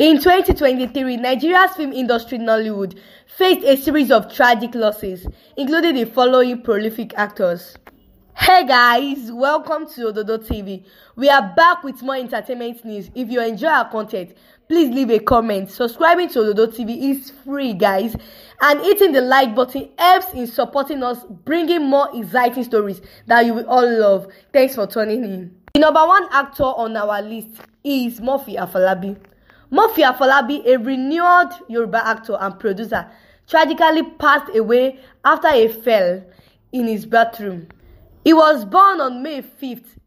In 2023, Nigeria's film industry Nollywood faced a series of tragic losses, including the following prolific actors. Hey guys, welcome to Ododo TV. We are back with more entertainment news. If you enjoy our content, please leave a comment. Subscribing to Ododo TV is free, guys, and hitting the like button helps in supporting us bringing more exciting stories that you will all love. Thanks for tuning in. The number one actor on our list is Murphy Afalabi. Murphy Afolabi, a renowned Yoruba actor and producer, tragically passed away after a fell in his bathroom. He was born on May 5,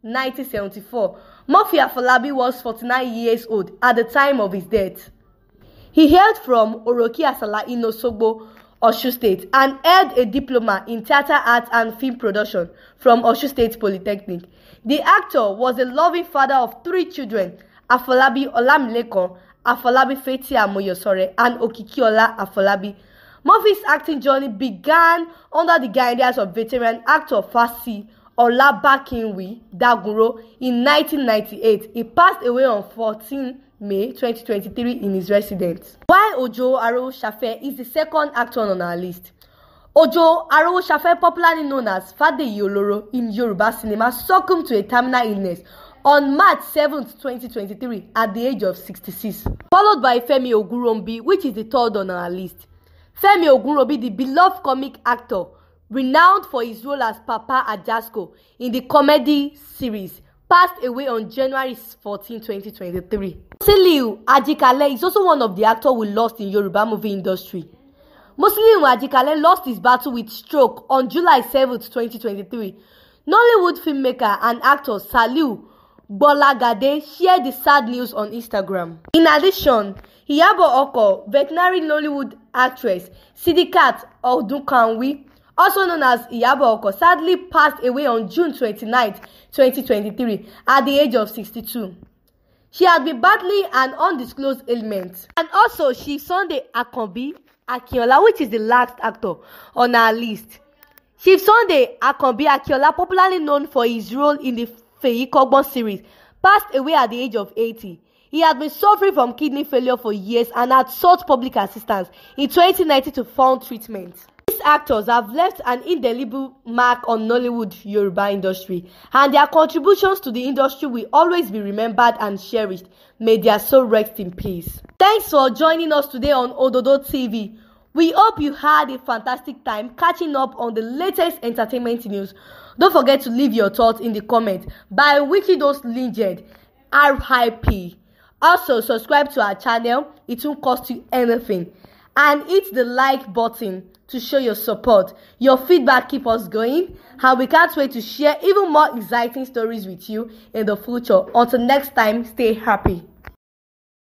1974. Murphy Afolabi was 49 years old at the time of his death. He hailed from Oroki Asala in Osogbo, Osun State, and earned a diploma in theater arts and film production from Osun State Polytechnic. The actor was a loving father of three children, Afolabi Olamilekan Afolabi Fathia Moyosore and Okikiola Afolabi. Murphy's acting journey began under the guidance of veteran actor Fasi Olabakinwi Daguro in 1998. He passed away on 14 May 2023 in his residence. While Ojo Arowosafe is the second actor on our list. Ojo Arowosafe, popularly known as Fadeyi Yoloro, in Yoruba cinema, succumbed to a terminal illness on March 7, 2023, at the age of 66, followed by Femi Ogunrombi, which is the third on our list. Femi Ogunrombi, the beloved comic actor, renowned for his role as Papa Ajasco in the comedy series, passed away on January 14, 2023. Musiliu Ajikale is also one of the actors we lost in Yoruba movie industry. Musiliu Ajikale lost his battle with stroke on July 7, 2023. Nollywood filmmaker and actor Saliu Gbolagade shared the sad news on Instagram. In addition, Iyabo Oko, veterinary Nollywood actress Sidikat Odunkanwi, also known as Iyabo Oko, sadly passed away on June 29, 2023, at the age of 62. She had been battling an undisclosed ailment. And also, she Sunday Akonbi Akinola, which is the last actor on our list. Chief Sunday Akonbi Akinola, popularly known for his role in the Feyi Kogbon series, passed away at the age of 80. He had been suffering from kidney failure for years and had sought public assistance in 2019 to fund treatment. These actors have left an indelible mark on Nollywood Yoruba industry, and their contributions to the industry will always be remembered and cherished. May their soul rest in peace. Thanks for joining us today on Ododo TV. We hope you had a fantastic time catching up on the latest entertainment news. Don't forget to leave your thoughts in the comment by wishing those legend RIP. Also, subscribe to our channel, it won't cost you anything. And hit the like button to show your support. Your feedback keep us going, and we can't wait to share even more exciting stories with you in the future. Until next time, stay happy.